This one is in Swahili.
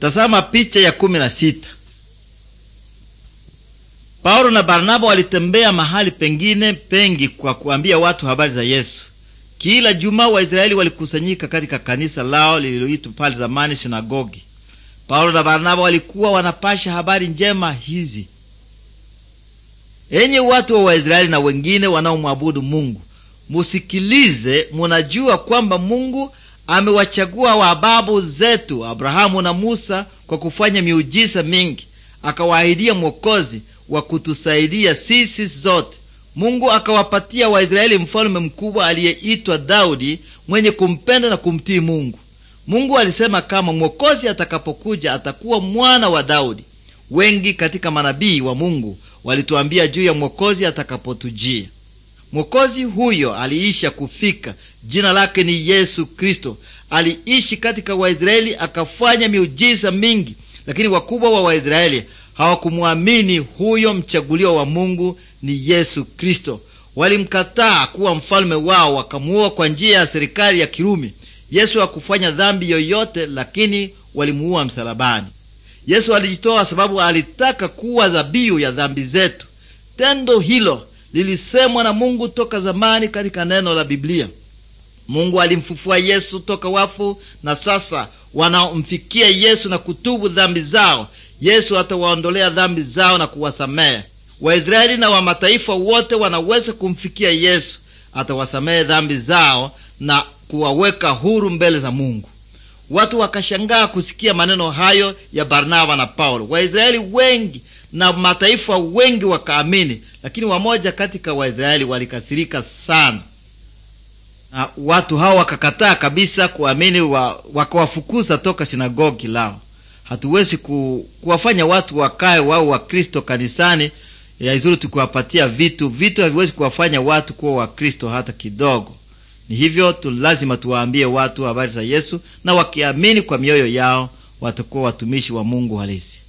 Tazama picha ya kumi na sita. Paulo na Barnaba walitembea mahali pengine pengi kwa kuambia watu habari za Yesu. Kila juma Waisraeli walikusanyika katika kanisa lao lililoitwa pale zamani sinagogi. Paulo na Barnaba walikuwa wanapasha habari njema hizi enye watu wa Waisraeli na wengine wanaomwabudu Mungu, musikilize. Munajua kwamba Mungu amewachagua wababu zetu Abrahamu na Musa kwa kufanya miujiza mingi, akawaahidia mwokozi wa kutusaidia sisi zote. Mungu akawapatia Waisraeli mfalme mkubwa aliyeitwa Daudi mwenye kumpenda na kumtii Mungu. Mungu alisema kama mwokozi atakapokuja atakuwa mwana wa Daudi. Wengi katika manabii wa Mungu walituambia juu ya mwokozi atakapotujia. Mwokozi huyo aliisha kufika, jina lake ni Yesu Kristo. Aliishi katika Waisraeli akafanya miujiza mingi, lakini wakubwa wa Waisraeli hawakumwamini huyo mchaguliwa wa Mungu ni Yesu Kristo. Walimkataa kuwa mfalme wao, wakamuua kwa njia ya serikali ya Kirumi. Yesu hakufanya dhambi yoyote, lakini walimuua msalabani. Yesu alijitoa sababu alitaka kuwa dhabihu ya dhambi zetu. Tendo hilo lilisemwa na Mungu toka zamani katika neno la Biblia. Mungu alimfufua Yesu toka wafu, na sasa wanaomfikia Yesu na kutubu dhambi zao, Yesu atawaondolea dhambi zao na kuwasamehe. Waisraeli na wa mataifa wote wanaweza kumfikia Yesu, atawasamehe dhambi zao na kuwaweka huru mbele za Mungu. Watu wakashangaa kusikia maneno hayo ya Barnaba na Paulo. Waisraeli wengi na mataifa wengi wakaamini, lakini wamoja katika Waisraeli walikasirika sana, na watu hao wakakataa kabisa kuamini wa, wakawafukuza toka sinagogi lao. Hatuwezi ku, kuwafanya watu wakae wao Wakristo kanisani yaizuru tukiwapatia vitu. Vitu haviwezi kuwafanya watu kuwa Wakristo hata kidogo. Ni hivyo tu lazima tuwaambie watu habari za Yesu, na wakiamini kwa mioyo yao watakuwa watumishi wa Mungu halisi.